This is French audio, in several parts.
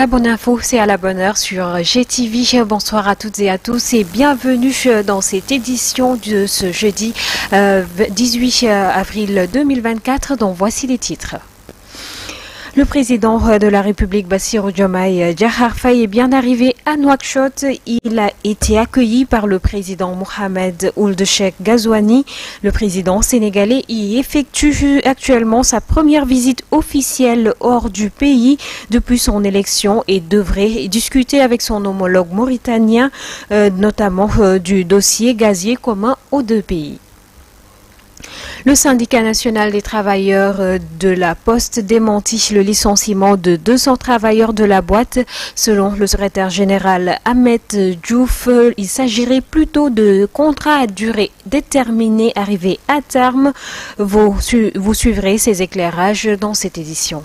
La bonne info, c'est à la bonne heure sur GTV. Bonsoir à toutes et à tous et bienvenue euh, dans cette édition de ce jeudi 18 euh, euh, avril 2024 dont voici les titres. Le président de la République, Bassirou Diomaye Djahar est bien arrivé à Nouakchott. Il a été accueilli par le président Mohamed Ould Gazouani. Ghazouani. Le président sénégalais y effectue actuellement sa première visite officielle hors du pays depuis son élection et devrait discuter avec son homologue mauritanien, euh, notamment euh, du dossier gazier commun aux deux pays. Le syndicat national des travailleurs euh, de la Poste démentit le licenciement de 200 travailleurs de la boîte. Selon le secrétaire général Ahmed Djouf, il s'agirait plutôt de contrats à durée déterminée arrivés à terme. vous suivrez ces éclairages dans cette édition.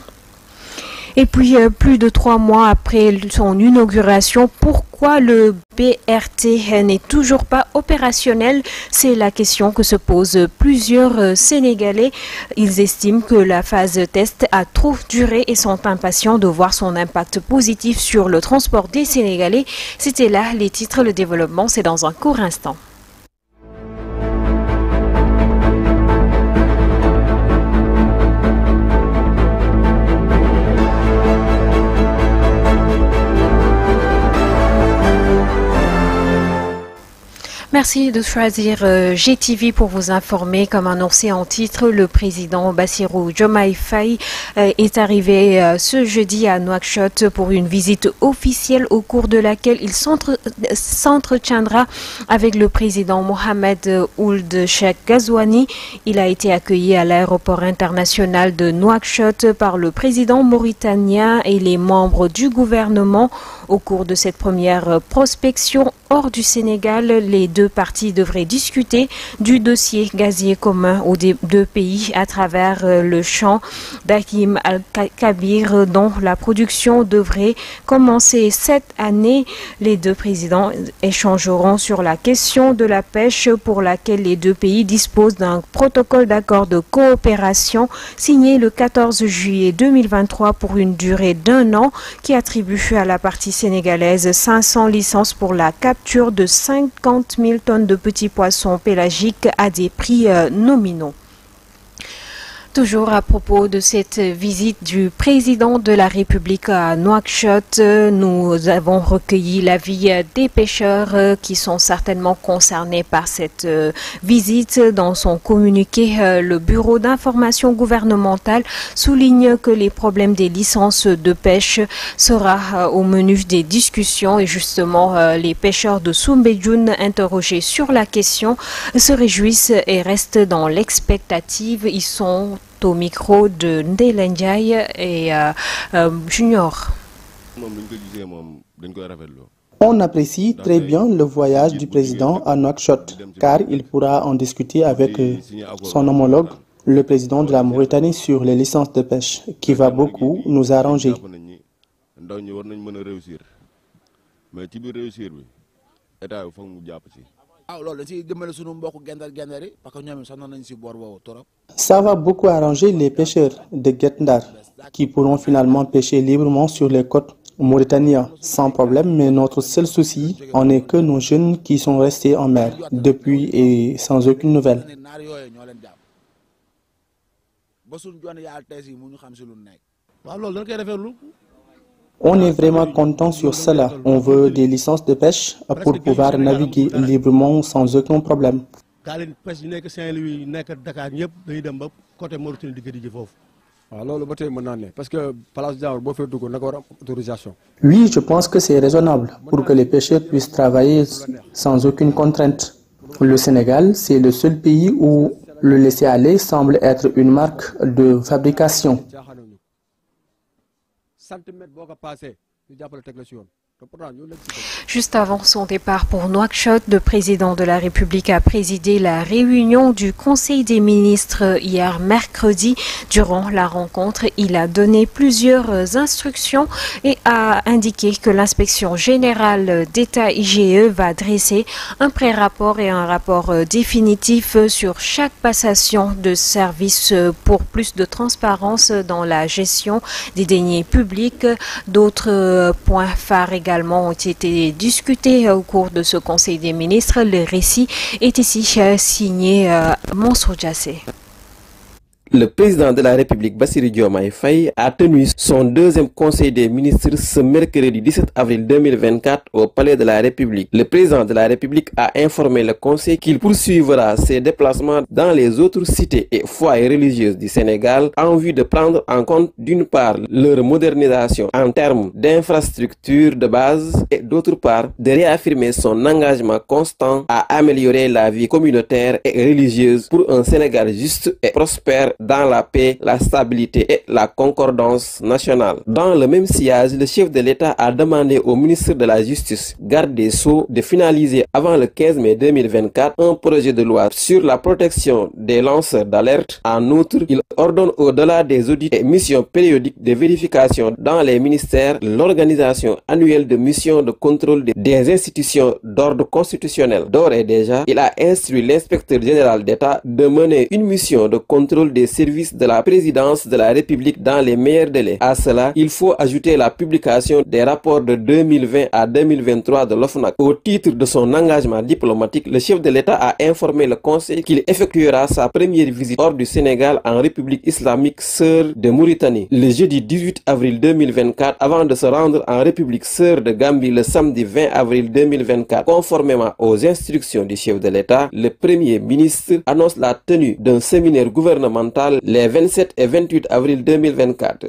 Et puis, euh, plus de trois mois après son inauguration, pourquoi le BRT n'est toujours pas opérationnel C'est la question que se posent plusieurs euh, Sénégalais. Ils estiment que la phase test a trop duré et sont impatients de voir son impact positif sur le transport des Sénégalais. C'était là les titres, le développement, c'est dans un court instant. Merci de choisir euh, GTV pour vous informer. Comme annoncé en titre, le président Bassirou Jomai Faye euh, est arrivé euh, ce jeudi à Nouakchott pour une visite officielle au cours de laquelle il s'entretiendra avec le président Mohamed Ould Cheikh Ghazouani. Il a été accueilli à l'aéroport international de Nouakchott par le président mauritanien et les membres du gouvernement. Au cours de cette première euh, prospection hors du Sénégal, les deux parties devraient discuter du dossier gazier commun aux deux pays à travers euh, le champ d'Akim Al-Kabir euh, dont la production devrait commencer cette année. Les deux présidents échangeront sur la question de la pêche pour laquelle les deux pays disposent d'un protocole d'accord de coopération signé le 14 juillet 2023 pour une durée d'un an qui attribue à la partie sénégalaise 500 licences pour la capture de 50 000 tonnes de petits poissons pélagiques à des prix euh, nominaux. Toujours à propos de cette visite du président de la République à Nouakchott, nous avons recueilli l'avis des pêcheurs euh, qui sont certainement concernés par cette euh, visite. Dans son communiqué, euh, le Bureau d'information gouvernementale souligne que les problèmes des licences de pêche sera au menu des discussions et justement les pêcheurs de Soumbejoun interrogés sur la question se réjouissent et restent dans l'expectative. Ils sont au micro de Ndeye et euh, euh, Junior. On apprécie très bien le voyage du président à Nouakchott, car il pourra en discuter avec euh, son homologue, le président de la Mauritanie, sur les licences de pêche, qui va beaucoup nous arranger. Ah, ça va beaucoup arranger les pêcheurs de Guet qui pourront finalement pêcher librement sur les côtes mauritaniennes sans problème mais notre seul souci en est que nos jeunes qui sont restés en mer depuis et sans aucune nouvelle. On est vraiment content sur cela. On veut des licences de pêche pour pouvoir naviguer librement sans aucun problème. Oui, je pense que c'est raisonnable pour que les pêcheurs puissent travailler sans aucune contrainte. Le Sénégal, c'est le seul pays où le laisser-aller semble être une marque de fabrication. centimètre boo ko paasee ñu jàppale teg la si yoon. Juste avant son départ pour Nouakchott, le président de la République a présidé la réunion du Conseil des ministres hier mercredi. Durant la rencontre, il a donné plusieurs instructions et a indiqué que l'inspection générale d'État IGE va dresser un pré-rapport et un rapport définitif sur chaque passation de service pour plus de transparence dans la gestion des deniers publics. D'autres points phares également ont été discutés euh, au cours de ce Conseil des ministres. Le récit est ici euh, signé euh, Monsieur Jassé. Le président de la République, Bassirou Diomaye Faye, a tenu son deuxième conseil des ministres ce mercredi 17 avril 2024 au Palais de la République. Le président de la République a informé le conseil qu'il poursuivra ses déplacements dans les autres cités et foyers religieuses du Sénégal en vue de prendre en compte d'une part leur modernisation en termes d'infrastructures de base et d'autre part de réaffirmer son engagement constant à améliorer la vie communautaire et religieuse pour un Sénégal juste et prospère dans la paix, la stabilité et la concordance nationale. Dans le même sillage, le chef de l'État a demandé au ministre de la Justice, garde des Sceaux, de finaliser avant le 15 mai 2024 un projet de loi sur la protection des lanceurs d'alerte. En outre, il ordonne au-delà des audits et missions périodiques de vérification dans les ministères, l'organisation annuelle de missions de contrôle des institutions d'ordre constitutionnel. D'ores et déjà, il a instruit l'inspecteur général d'État de mener une mission de contrôle des services de la présidence de la République dans les meilleurs délais. À cela, il faut ajouter la publication des rapports de 2020 à 2023 de l'OFNAC. Au titre de son engagement diplomatique, le chef de l'État a informé le Conseil qu'il effectuera sa première visite hors du Sénégal en République islamique sœur de Mauritanie le jeudi 18 avril 2024 avant de se rendre en République sœur de Gambie le samedi 20 avril 2024. Conformément aux instructions du chef de l'État, le Premier ministre annonce la tenue d'un séminaire gouvernemental les 27 et 28 avril 2024.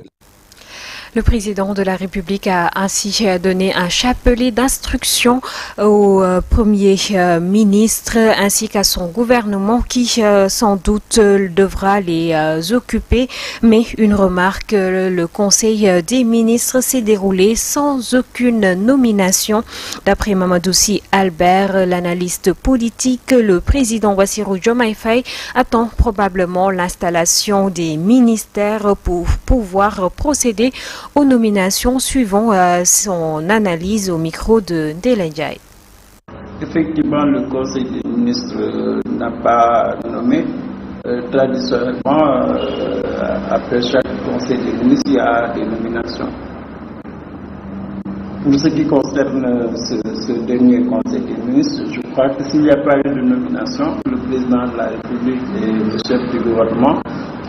Le président de la République a ainsi donné un chapelet d'instruction au euh, Premier euh, ministre ainsi qu'à son gouvernement qui euh, sans doute devra les occuper. Mais une remarque, le Conseil des ministres s'est déroulé sans aucune nomination. D'après Si Albert, l'analyste politique, le président Wassirou Faye attend probablement l'installation des ministères pour pouvoir procéder aux nominations suivant euh, son analyse au micro de Delayjai. Effectivement, le Conseil des ministres euh, n'a pas nommé. Euh, traditionnellement, après chaque Conseil des ministres, il y a des nominations. Pour ce qui concerne ce, dernier Conseil des ministres, je crois que s'il n'y a pas eu de nomination, le président de la République et le chef du gouvernement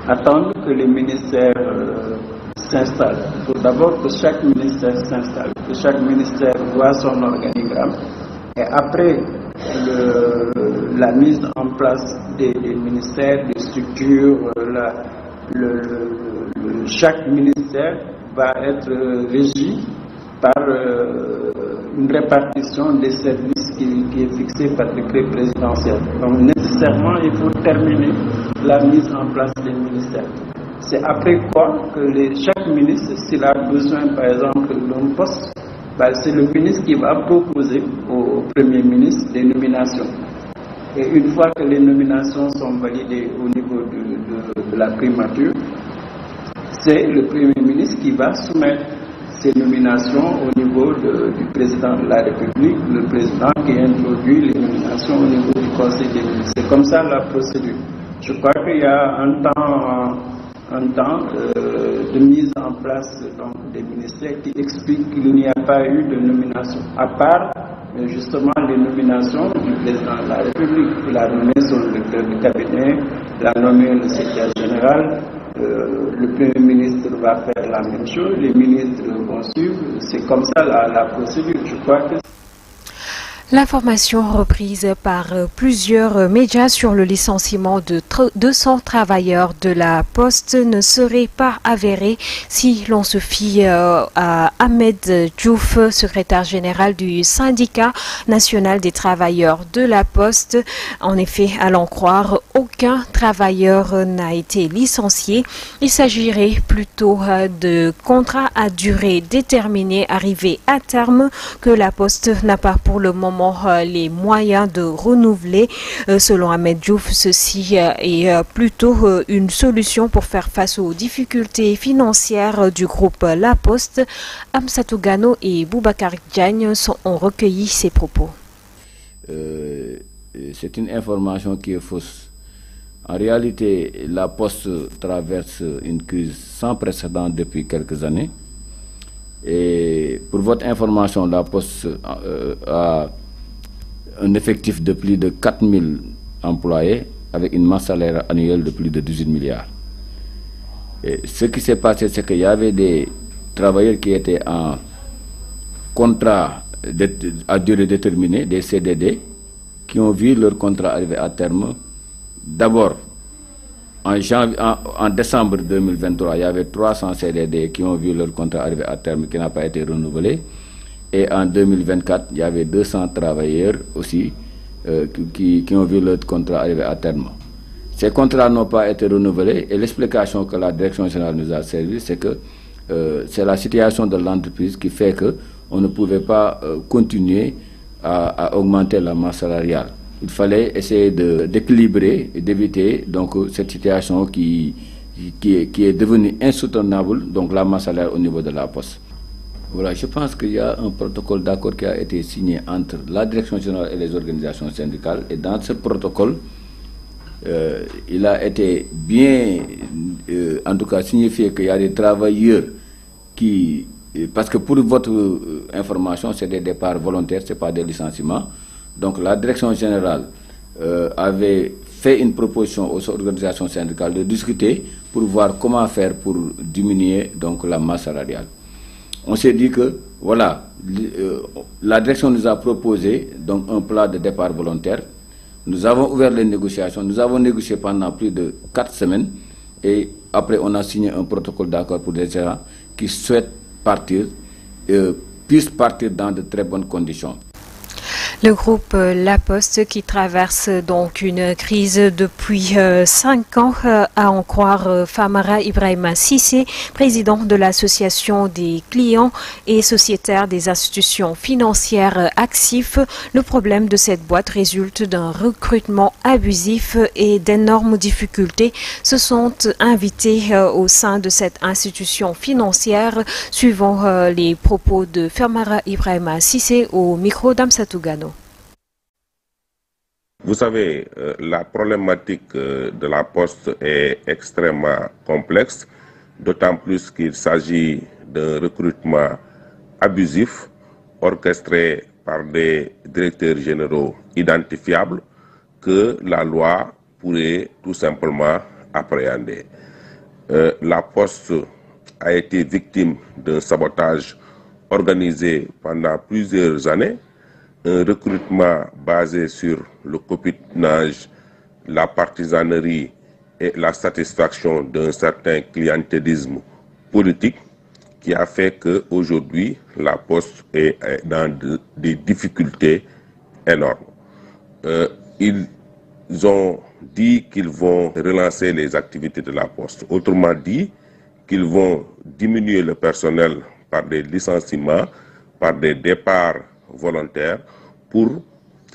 attendent que les ministères s'installe. Il faut d'abord que chaque ministère s'installe, que chaque ministère voit son organigramme et après la mise en place des, ministères, des structures, chaque ministère va être régi par euh, une répartition des services qui, est fixée par décret présidentiel. Donc nécessairement, il faut terminer la mise en place des ministères. C'est après quoi que chaque ministre, s'il a besoin par exemple d'un poste, bah, c'est le ministre qui va proposer au, Premier ministre des nominations. Et une fois que les nominations sont validées au niveau de, la primature, c'est le Premier ministre qui va soumettre ces nominations au niveau du président de la République, le président qui introduit les nominations au niveau du Conseil des ministres. C'est comme ça la procédure. Je crois qu'il y a un temps un temps euh, de mise en place donc, des ministères qui explique qu'il n'y a pas eu de nomination, à part euh, justement les nominations du président de la République. Il a nommé son cabinet, il a nommé le secrétaire général, euh, le Premier ministre va faire la même chose, les ministres vont suivre. C'est comme ça la, la procédure. Je crois que L'information reprise par euh, plusieurs euh, médias sur le licenciement de 200 travailleurs de la Poste ne serait pas avérée si l'on se fie euh, à Ahmed Djouf, secrétaire général du syndicat national des travailleurs de la Poste. En effet, à l'en croire, aucun travailleur n'a été licencié. Il s'agirait plutôt de contrats à durée déterminée arrivés à terme que la Poste n'a pas pour le moment euh, les moyens de renouveler. Euh, selon Ahmed Diouf, ceci euh, est plutôt une solution pour faire face aux difficultés financières du groupe La Poste. Amsatougano et Boubacar Diagne ont recueilli ces propos. C'est une information qui est fausse. En réalité, la Poste traverse une crise sans précédent depuis quelques années. Et pour votre information, la Poste a un effectif de plus de 4000 employés avec une masse salaire annuelle de plus de 18 milliards. Et ce qui s'est passé, c'est qu'il y avait des travailleurs qui étaient en contrat à durée déterminée, des CDD, qui ont vu leur contrat arriver à terme. D'abord, en, en, décembre 2023, il y avait 300 CDD qui ont vu leur contrat arriver à terme, qui n'a pas été renouvelé. Et en 2024, il y avait 200 travailleurs aussi euh, qui, ont vu leur contrat arriver à terme. Ces contrats n'ont pas été renouvelés et l'explication que la direction générale nous a servi, c'est que euh, c'est la situation de l'entreprise qui fait qu'on ne pouvait pas euh, continuer à, augmenter la masse salariale. Il fallait essayer d'équilibrer et d'éviter donc cette situation qui, est devenue insoutenable, donc la masse salariale au niveau de la poste je pense qu'il y a un protocole d'accord qui a été signé entre la direction générale et les organisations syndicales. Et dans ce protocole, euh, il a été bien, euh, en tout cas, signifié qu'il y a des travailleurs qui. Euh, parce que pour votre information, c'est des départs volontaires, ce n'est pas des licenciements. Donc la direction générale avait fait une proposition aux organisations syndicales de discuter pour voir comment faire pour diminuer donc, la masse salariale on s'est dit que, voilà, euh, la direction nous a proposé donc un plan de départ volontaire. Nous avons ouvert les négociations. Nous avons négocié pendant plus de quatre semaines. Et après, on a signé un protocole d'accord pour les gens qui souhaitent partir, euh, puissent partir dans de très bonnes conditions. Le groupe euh, La Poste qui traverse donc une crise depuis euh, cinq ans, euh, à en croire Famara Ibrahima Sissé, président de l'association des clients et sociétaires des institutions financières actifs. Le problème de cette boîte résulte d'un recrutement abusif et d'énormes difficultés se sont invités au sein de cette institution financière, suivant les propos de Famara Ibrahima Sissé au micro d'Amsatou. Vous savez, euh, la problématique euh, de la poste est extrêmement complexe, d'autant plus qu'il s'agit d'un recrutement abusif orchestré par des directeurs généraux identifiables que la loi pourrait tout simplement appréhender. Euh, la poste a été victime d'un sabotage organisé pendant plusieurs années un recrutement basé sur le copinage, la partisanerie et la satisfaction d'un certain clientélisme politique qui a fait qu'aujourd'hui, la Poste est dans des difficultés énormes. Euh, ils ont dit qu'ils vont relancer les activités de la Poste. Autrement dit, qu'ils vont diminuer le personnel par des licenciements, par des départs volontaires pour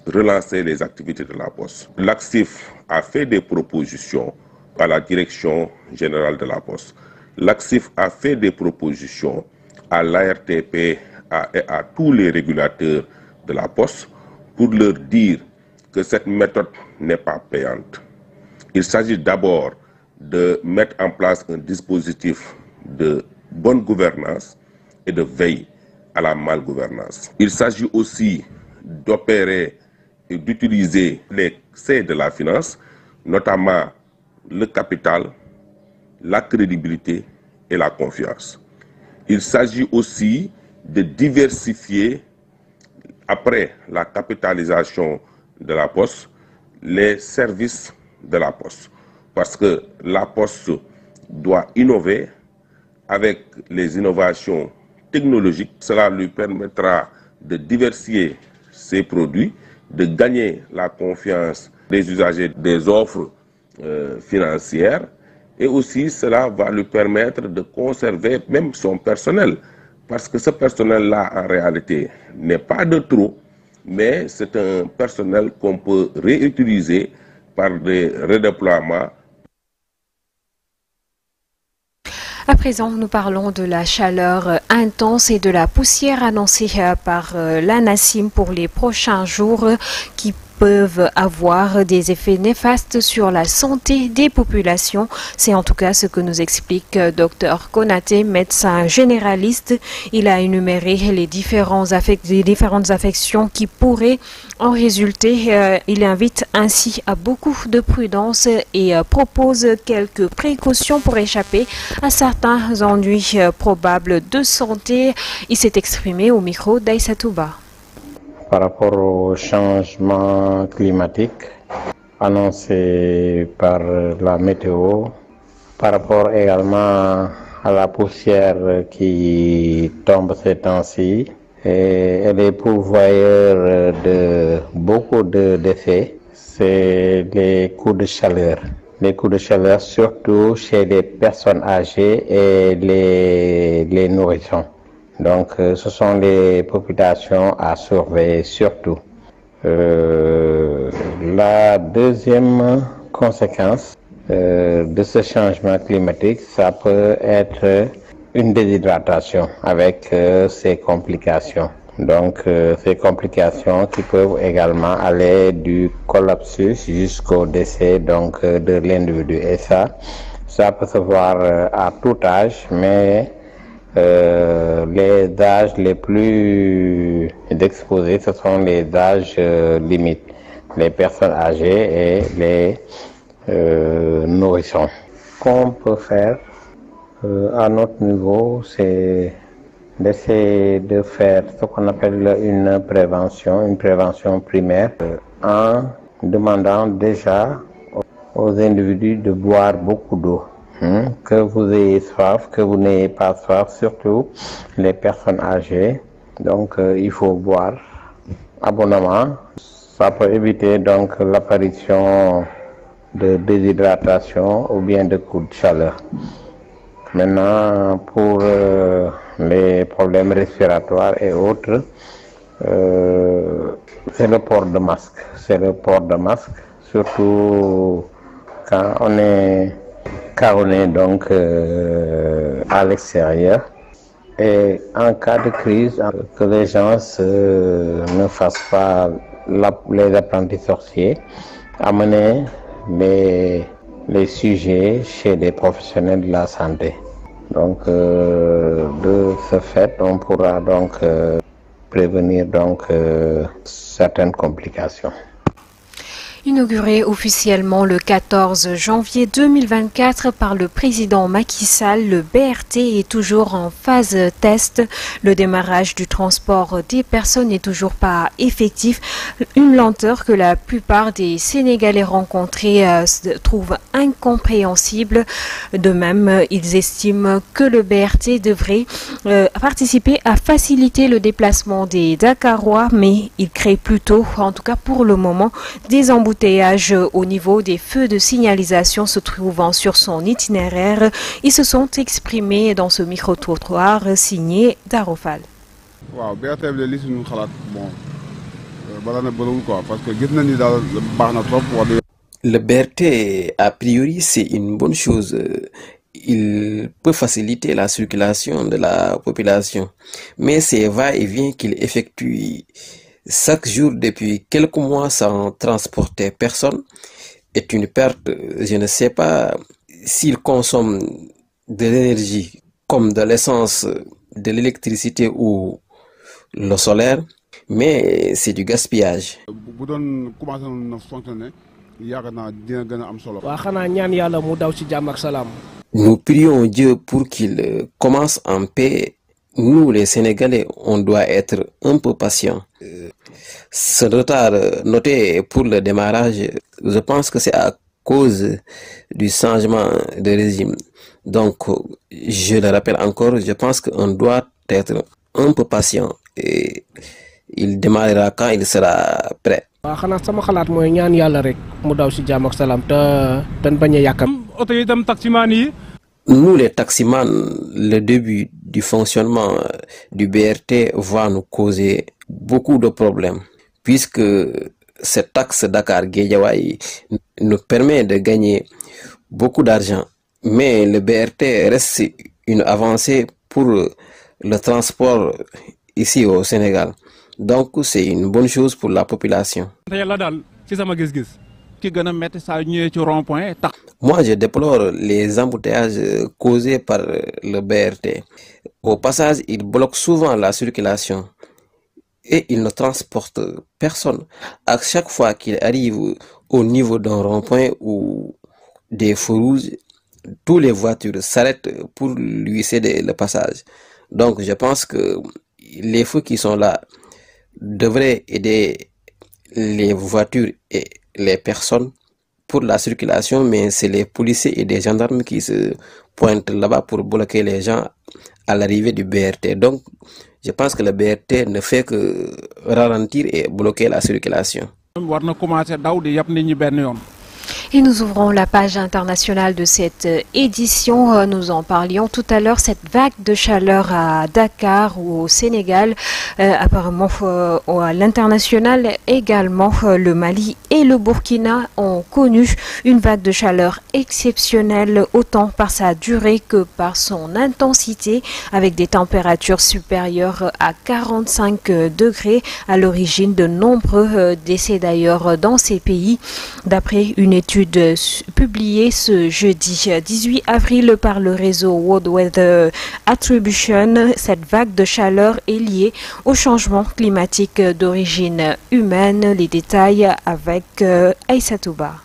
relancer les activités de la Poste. L'AXIF a fait des propositions à la direction générale de la Poste. L'AXIF a fait des propositions à l'ARTP et à tous les régulateurs de la Poste pour leur dire que cette méthode n'est pas payante. Il s'agit d'abord de mettre en place un dispositif de bonne gouvernance et de veille à la malgouvernance. Il s'agit aussi d'opérer et d'utiliser l'excès de la finance, notamment le capital, la crédibilité et la confiance. Il s'agit aussi de diversifier, après la capitalisation de la poste, les services de la poste. Parce que la poste doit innover avec les innovations technologiques. Cela lui permettra de diversifier produits, de gagner la confiance des usagers des offres euh, financières et aussi cela va lui permettre de conserver même son personnel parce que ce personnel-là en réalité n'est pas de trop mais c'est un personnel qu'on peut réutiliser par des redéploiements À présent, nous parlons de la chaleur intense et de la poussière annoncée euh, par euh, l'ANASIM pour les prochains jours euh, qui peuvent avoir des effets néfastes sur la santé des populations. C'est en tout cas ce que nous explique euh, Docteur Konaté, médecin généraliste. Il a énuméré les, différents les différentes affections qui pourraient en résulter. Euh, il invite ainsi à beaucoup de prudence et euh, propose quelques précautions pour échapper à certains ennuis probables de santé. Il s'est exprimé au micro d'Aïsatouba par rapport au changement climatique annoncé par la météo, par rapport également à la poussière qui tombe ces temps-ci. Et elle est pourvoyeur de beaucoup de c'est les coups de chaleur. Les coups de chaleur surtout chez les personnes âgées et les nourrissons. Donc, euh, ce sont les populations à surveiller surtout. Euh, la deuxième conséquence euh, de ce changement climatique, ça peut être une déshydratation avec ses complications. Donc, ces complications qui peuvent également aller du collapsus jusqu'au décès donc de l'individu. Et ça, ça peut se voir à tout âge, mais euh, les âges les plus exposés, ce sont les âges euh, limites, les personnes âgées et les euh, nourrissons. Qu'on peut faire euh, à notre niveau, c'est d'essayer de faire ce qu'on appelle une prévention, une prévention primaire, en demandant déjà aux individus de boire beaucoup d'eau Hein, que vous ayez soif, que vous n'ayez pas soif, surtout les personnes âgées. Donc, euh, il faut boire abondamment. Ça peut éviter donc l'apparition de déshydratation ou bien de coups de chaleur. Maintenant, pour euh, les problèmes respiratoires et autres, euh, c'est le port de masque. C'est le port de masque, surtout quand on est est donc euh, à l'extérieur. Et en cas de crise, euh, que les gens ne fassent pas les apprentis sorciers, amener les, sujets chez les professionnels de la santé. Donc, euh, de ce fait, on pourra donc prévenir donc certaines complications. Inauguré officiellement le 14 janvier 2024 par le président Macky Sall, le BRT est toujours en phase test. Le démarrage du transport des personnes n'est toujours pas effectif. Une lenteur que la plupart des Sénégalais rencontrés euh, trouvent incompréhensible. De même, ils estiment que le BRT devrait euh, participer à faciliter le déplacement des Dakarois, mais il crée plutôt, en tout cas pour le moment, des embouteillages au niveau des feux de signalisation se trouvant sur son itinéraire. Ils se sont exprimés dans ce micro-trottoir signé Darofal. Le BRT, a priori, c'est une bonne chose. Il peut faciliter la circulation de la population, mais c'est va-et-vient qu'il effectue chaque jour depuis quelques mois sans transporter personne est une perte. Je ne sais pas s'il consomme de l'énergie comme de l'essence, de l'électricité ou le solaire, mais c'est du gaspillage. Nous prions Dieu pour qu'il commence en paix nous, les Sénégalais, on doit être un peu patient. Euh, ce retard noté pour le démarrage, je pense que c'est à cause du changement de régime. Donc, je le rappelle encore, je pense qu'on doit être un peu patient et il démarrera quand il sera prêt. sama ñaan rek mu daw nous les taximans, le début du fonctionnement euh, du BRT va nous causer beaucoup de problèmes, puisque cette taxe dakar nous permet de gagner beaucoup d'argent. Mais le BRT reste une avancée pour euh, le transport ici au Sénégal. Donc c'est une bonne chose pour la population rond point moi je déplore les embouteillages causés par le BRT. au passage il bloque souvent la circulation et il ne transporte personne à chaque fois qu'il arrive au niveau d'un rond-point ou des feux rouges tous les voitures s'arrêtent pour lui céder le passage donc je pense que les feux qui sont là devraient aider les voitures et les personnes pour la circulation, mais c'est les policiers et des gendarmes qui se pointent là-bas pour bloquer les gens à l'arrivée du BRT. Donc, je pense que le BRT ne fait que ralentir et bloquer la circulation. Et nous ouvrons la page internationale de cette édition. Nous en parlions tout à l'heure, cette vague de chaleur à Dakar ou au Sénégal, euh, apparemment euh, à l'international également, euh, le Mali le Burkina ont connu une vague de chaleur exceptionnelle, autant par sa durée que par son intensité, avec des températures supérieures à 45 degrés, à l'origine de nombreux euh, décès d'ailleurs dans ces pays, d'après une étude publiée ce jeudi 18 avril par le réseau World Weather Attribution. Cette vague de chaleur est liée au changement climatique d'origine humaine. Les détails avec que Touba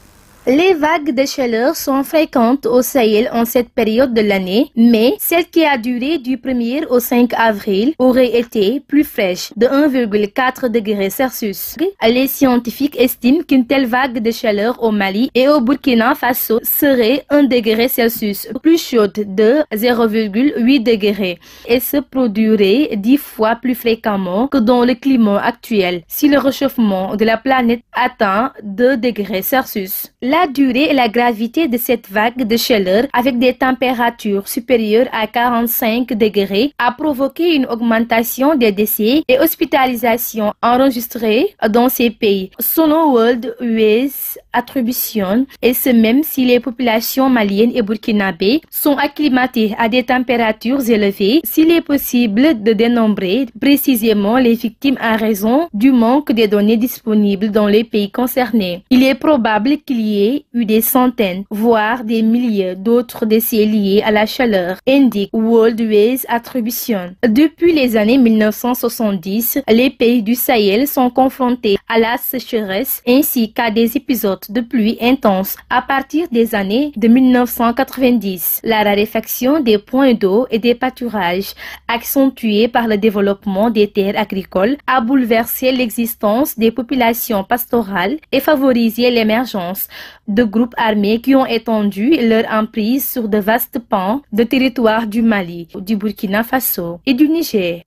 les vagues de chaleur sont fréquentes au Sahel en cette période de l'année, mais celle qui a duré du 1er au 5 avril aurait été plus fraîche, de 1,4 degrés Celsius. Les scientifiques estiment qu'une telle vague de chaleur au Mali et au Burkina Faso serait 1 degré Celsius plus chaude de 0,8 degrés et se produirait 10 fois plus fréquemment que dans le climat actuel si le réchauffement de la planète atteint 2 degrés Celsius la durée et la gravité de cette vague de chaleur avec des températures supérieures à 45 degrés a provoqué une augmentation des décès et hospitalisations enregistrées dans ces pays. Selon World US Attribution, et ce même si les populations maliennes et burkinabées sont acclimatées à des températures élevées, s'il est possible de dénombrer précisément les victimes à raison du manque des données disponibles dans les pays concernés. Il est probable qu'il y ait eu des centaines, voire des milliers d'autres décès liés à la chaleur, indique Ways Attribution. Depuis les années 1970, les pays du Sahel sont confrontés à la sécheresse ainsi qu'à des épisodes de pluie intense à partir des années de 1990. La raréfaction des points d'eau et des pâturages, accentuée par le développement des terres agricoles, a bouleversé l'existence des populations pastorales et favorisé l'émergence de groupes armés qui ont étendu leur emprise sur de vastes pans de territoire du Mali, du Burkina Faso et du Niger.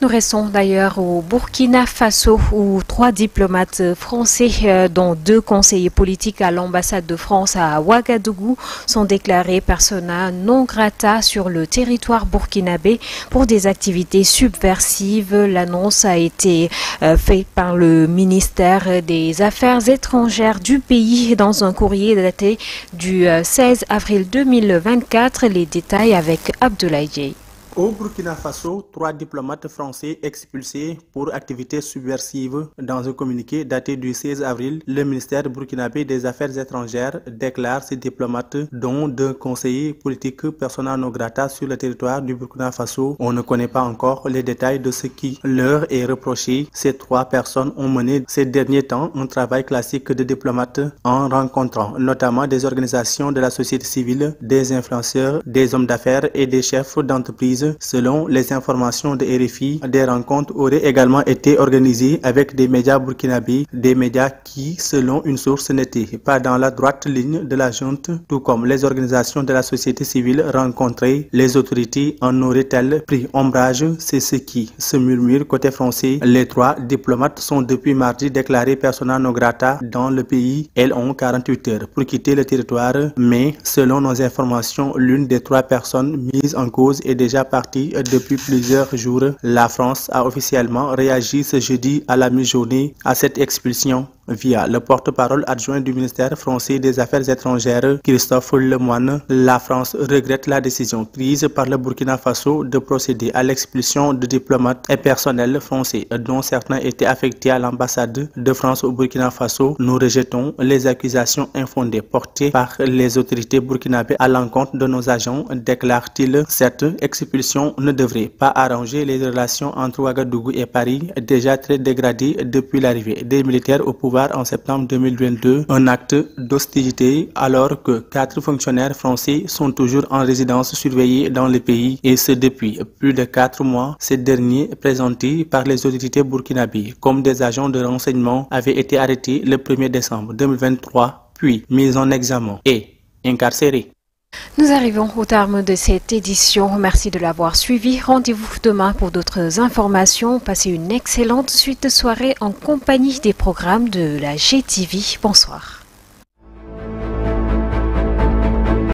Nous restons d'ailleurs au Burkina Faso où trois diplomates français, euh, dont deux conseillers politiques à l'ambassade de France à Ouagadougou, sont déclarés persona non grata sur le territoire burkinabé pour des activités subversives. L'annonce a été euh, faite par le ministère des Affaires étrangères du pays dans un courrier daté du 16 euh, avril 2024. Les détails avec Abdoulaye. Au Burkina Faso, trois diplomates français expulsés pour activités subversives. Dans un communiqué daté du 16 avril, le ministère burkinabé des Affaires étrangères déclare ces diplomates, dont deux conseillers politiques persona non grata sur le territoire du Burkina Faso. On ne connaît pas encore les détails de ce qui leur est reproché. Ces trois personnes ont mené ces derniers temps un travail classique de diplomates en rencontrant notamment des organisations de la société civile, des influenceurs, des hommes d'affaires et des chefs d'entreprise Selon les informations de RFI, des rencontres auraient également été organisées avec des médias burkinabés, des médias qui, selon une source, n'étaient pas dans la droite ligne de la junte, tout comme les organisations de la société civile rencontrées. Les autorités en auraient-elles pris ombrage C'est ce qui se murmure côté français. Les trois diplomates sont depuis mardi déclarés persona non grata dans le pays. Elles ont 48 heures pour quitter le territoire, mais selon nos informations, l'une des trois personnes mises en cause est déjà euh, depuis plusieurs jours. La France a officiellement réagi ce jeudi à la mi-journée à cette expulsion via le porte-parole adjoint du ministère français des Affaires étrangères, Christophe Lemoine. La France regrette la décision prise par le Burkina Faso de procéder à l'expulsion de diplomates et personnels français, dont certains étaient affectés à l'ambassade de France au Burkina Faso. Nous rejetons les accusations infondées portées par les autorités burkinabées à l'encontre de nos agents, déclare-t-il. Cette expulsion ne devrait pas arranger les relations entre Ouagadougou et Paris, déjà très dégradées depuis l'arrivée des militaires au pouvoir en septembre 2022, un acte d'hostilité alors que quatre fonctionnaires français sont toujours en résidence surveillée dans le pays et ce depuis plus de quatre mois. Ces derniers, présentés par les autorités burkinabées comme des agents de renseignement, avaient été arrêtés le 1er décembre 2023 puis mis en examen et incarcérés. Nous arrivons au terme de cette édition. Merci de l'avoir suivi. Rendez-vous demain pour d'autres informations. Passez une excellente suite de soirée en compagnie des programmes de la GTV. Bonsoir.